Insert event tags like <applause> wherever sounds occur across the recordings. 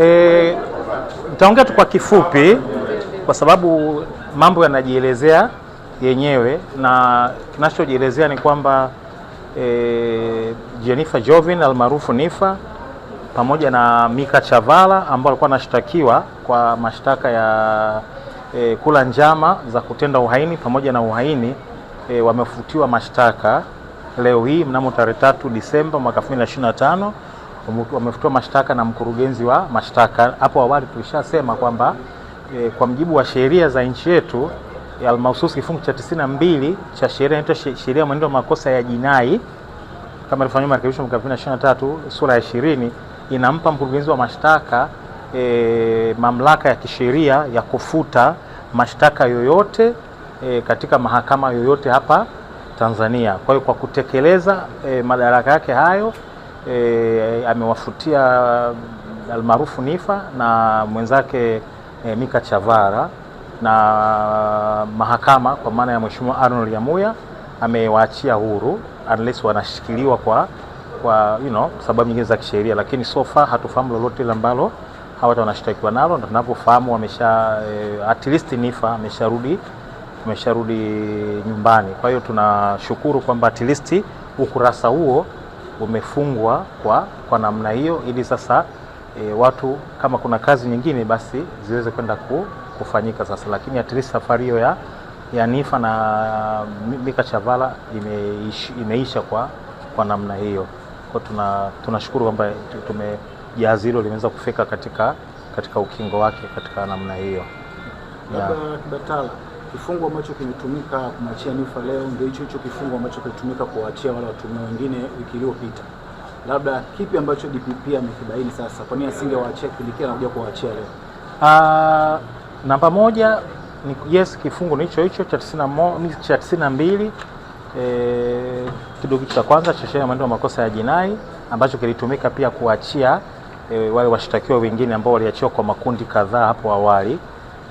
E, nitaongea e, tu kwa kifupi kwa sababu mambo yanajielezea yenyewe na kinachojielezea ni kwamba e, Jennifer Jovin almaarufu Nifa pamoja na Mika Chavala ambao alikuwa anashtakiwa kwa mashtaka ya e, kula njama za kutenda uhaini pamoja na uhaini e, wamefutiwa mashtaka leo hii mnamo tarehe 3 Disemba mwaka 2025 wamefutua mashtaka na mkurugenzi wa mashtaka. Hapo awali tulishasema kwamba e, kwa mjibu wa sheria za nchi yetu almahususi kifungu cha 92 cha sheria inaitwa sheria mwenendo wa makosa ya jinai kama ilivyofanywa marekebisho mwaka 2023 sura ya 20 inampa mkurugenzi wa mashtaka e, mamlaka ya kisheria ya kufuta mashtaka yoyote e, katika mahakama yoyote hapa Tanzania. Kwa hiyo kwa kutekeleza e, madaraka yake hayo e, amewafutia almaarufu Nifa na mwenzake e, Mika Chavara na mahakama kwa maana ya Mheshimiwa Arnold Yamuya amewaachia huru unless wanashikiliwa kwa kwa you know, sababu nyingine za kisheria, lakini so far hatufahamu lolote ile ambalo hawa watu wanashtakiwa nalo, na tunapofahamu wamesha e, at least Nifa amesharudi amesharudi nyumbani. Kwa hiyo tunashukuru kwamba at least ukurasa huo umefungwa kwa, kwa namna hiyo, ili sasa e, watu kama kuna kazi nyingine basi ziweze kwenda ku, kufanyika sasa, lakini at least safari hiyo ya, ya Nifa na Mika Chavala imeisha kwa, kwa namna hiyo kwa tuna tunashukuru kwamba tume jahazi hilo limeweza kufika katika, katika ukingo wake katika namna hiyo kifungo ambacho kimetumika kumwachia Niffer leo ndio hicho hicho kifungo ambacho kilitumika kuwaachia wale watuhumiwa wengine wiki iliyopita. Labda kipi ambacho DPP amekibaini sasa, kwa nini asingewaachia kipindi kile anakuja kuwaachia leo? Uh, namba moja ni yes, kifungo ni hicho hicho cha 91 cha 92 eh, kidogo cha kwanza cha sheria ya mwenendo wa makosa ya jinai ambacho kilitumika pia kuachia eh, wale washtakiwa wengine ambao waliachiwa kwa makundi kadhaa hapo awali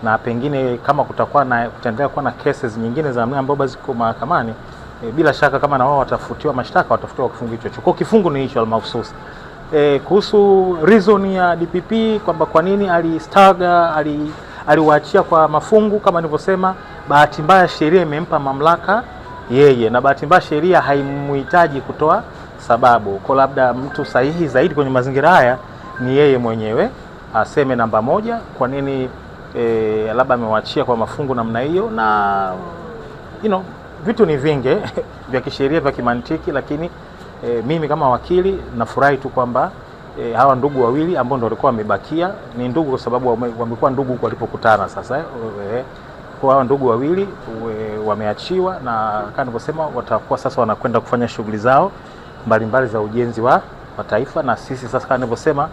na pengine kama kutakuwa na kutaendelea kuwa na cases nyingine za namna ambayo ziko mahakamani e, bila shaka kama na wao watafutiwa mashtaka watafutiwa kifungu hicho hicho. Kwa kifungu ni hicho almahususi. E, kuhusu reason ya DPP kwamba kwa nini alistaga ali aliwaachia kwa mafungu, kama nilivyosema, bahati mbaya sheria imempa mamlaka yeye, na bahati mbaya sheria haimuhitaji kutoa sababu. Kwa labda mtu sahihi zaidi kwenye mazingira haya ni yeye mwenyewe aseme, namba moja, kwa nini e, labda amewachia kwa mafungu namna hiyo, na you know, vitu ni vingi <laughs> vya kisheria vya kimantiki, lakini e, mimi kama wakili nafurahi tu kwamba E, hawa ndugu wawili ambao ndio walikuwa wamebakia ni ndugu kwa sababu wamekuwa ndugu huko walipokutana. Sasa e, kwa hawa ndugu wawili e, wameachiwa na kama nilivyosema, watakuwa sasa wanakwenda kufanya shughuli zao mbalimbali za ujenzi wa, wa taifa na sisi sasa kama nilivyosema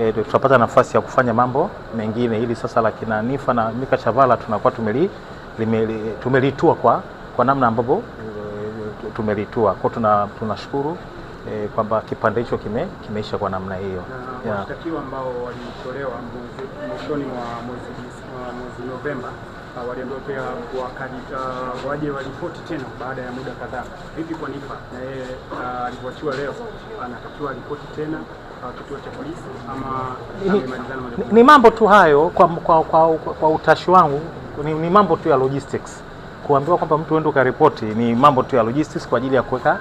e, tutapata nafasi ya kufanya mambo mengine. Hili sasa la kina Nifa na Mika Chavala tunakuwa tumeli, tumelitua kwa, kwa namna ambavyo eh, tumelitua kwa, tuna tunashukuru e, kwamba kipande hicho kime, kimeisha kwa namna hiyo na yeah. Washtakiwa ambao walitolewa mwishoni mwa mwezi Novemba waliambiwa pia uh, waje waripoti tena baada ya muda kadhaa. Vipi kwa Nifa na yeye ah, alivyoachiwa leo anatakiwa aripoti tena ama ni mambo tu hayo. Kwa, kwa, kwa, kwa utashi wangu ni, ni mambo tu ya logistics kuambiwa kwamba mtu uende ukaripoti ni mambo tu ya logistics kwa ajili ya kuweka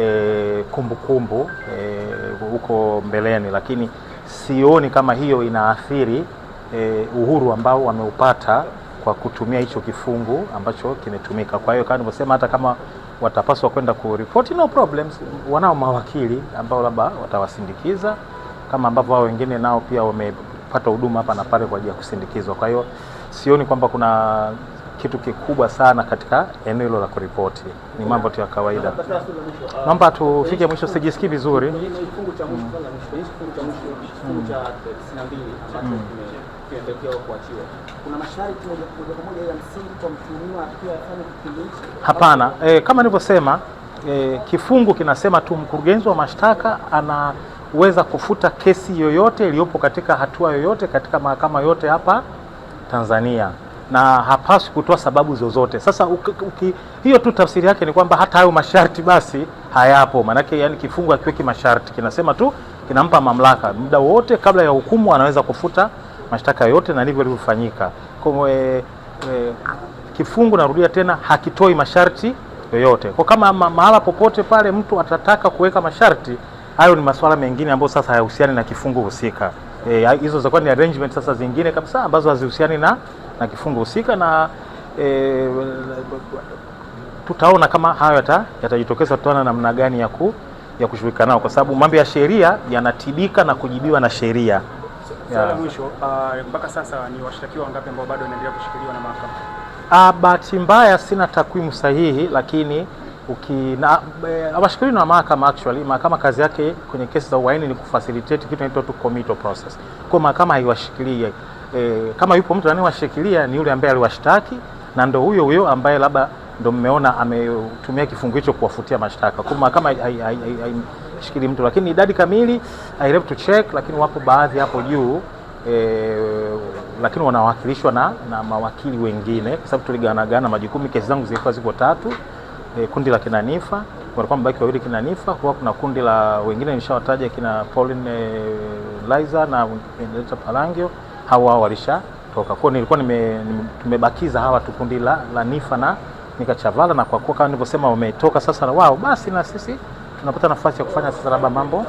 e, kumbukumbu e, huko e, mbeleni, lakini sioni kama hiyo inaathiri e, uhuru ambao wameupata kwa kutumia hicho kifungu ambacho kimetumika. Kwa hiyo kama nilivyosema, hata kama watapaswa kwenda kuripoti, no problems, wanao mawakili ambao labda watawasindikiza kama ambavyo wao wengine nao pia wamepata huduma hapa na pale kwa ajili ya kusindikizwa. Kwa hiyo sioni kwamba kuna kitu kikubwa sana katika eneo hilo la kuripoti, ni mambo tu ya kawaida. Naomba tufike mwisho, sijisikii vizuri kuachiwa. Kuna masharti moja kwa moja ya msingi kwa mtuhumiwa akiwa hicho? Hapana. E, kama nilivyosema e, kifungu kinasema tu mkurugenzi wa mashtaka anaweza kufuta kesi yoyote iliyopo katika hatua yoyote katika mahakama yote hapa Tanzania na hapaswi kutoa sababu zozote. Sasa uki, uki, hiyo tu tafsiri yake ni kwamba hata hayo masharti basi hayapo, maanake yani kifungu akiweki masharti kinasema tu kinampa mamlaka muda wote kabla ya hukumu anaweza kufuta mashtaka yote na ndivyo ilivyofanyika. Kwa e, kifungu narudia tena hakitoi masharti yoyote. Kwa kama ma, mahala popote pale mtu atataka kuweka masharti hayo, ni masuala mengine ambayo sasa hayahusiani na kifungu husika. Eh, hizo e, ni arrangement sasa zingine kabisa ambazo hazihusiani na, na kifungu husika na e, tutaona kama hayo yatajitokeza yata, tutaona namna gani ya, ku, ya kushughulika nao, kwa sababu mambo ya sheria yanatibika na kujibiwa na sheria. Swali la mwisho, ah, mpaka sasa ni washtakiwa wangapi ambao bado wanaendelea kushikiliwa na mahakama? Uh, bahati mbaya sina takwimu sahihi, lakini eh, washikiliwa na mahakama. Actually, mahakama kazi yake kwenye kesi za uhaini ni kufacilitate kitu kinaitwa tu committal process. Kwa mahakama haiwashikilii e, kama yupo mtu anayewashikilia ni yule ambaye aliwashtaki na ndo huyo huyo ambaye labda ndo mmeona ametumia kifungu hicho kuwafutia mashtaka. Kwa mahakama shikili mtu, lakini idadi kamili I have to check, lakini wapo baadhi hapo juu e, lakini wanawakilishwa na, na mawakili wengine, kwa sababu tuliganagana majukumu. Kesi zangu zilikuwa ziko tatu e, kundi la kinanifa walikuwa mabaki wawili Kinanifa, Nifa, huwa kuna kundi la wengine nishawataja kina Pauline e, Liza na Benedetta Palangio, hawa walishatoka. Kwa hiyo nilikuwa nime, nime, tumebakiza hawa tu kundi la, la Nifa na Nikachavala, na kwa kuwa kama nilivyosema wametoka sasa na wao, basi na sisi tunapata nafasi ya kufanya sasa labda mambo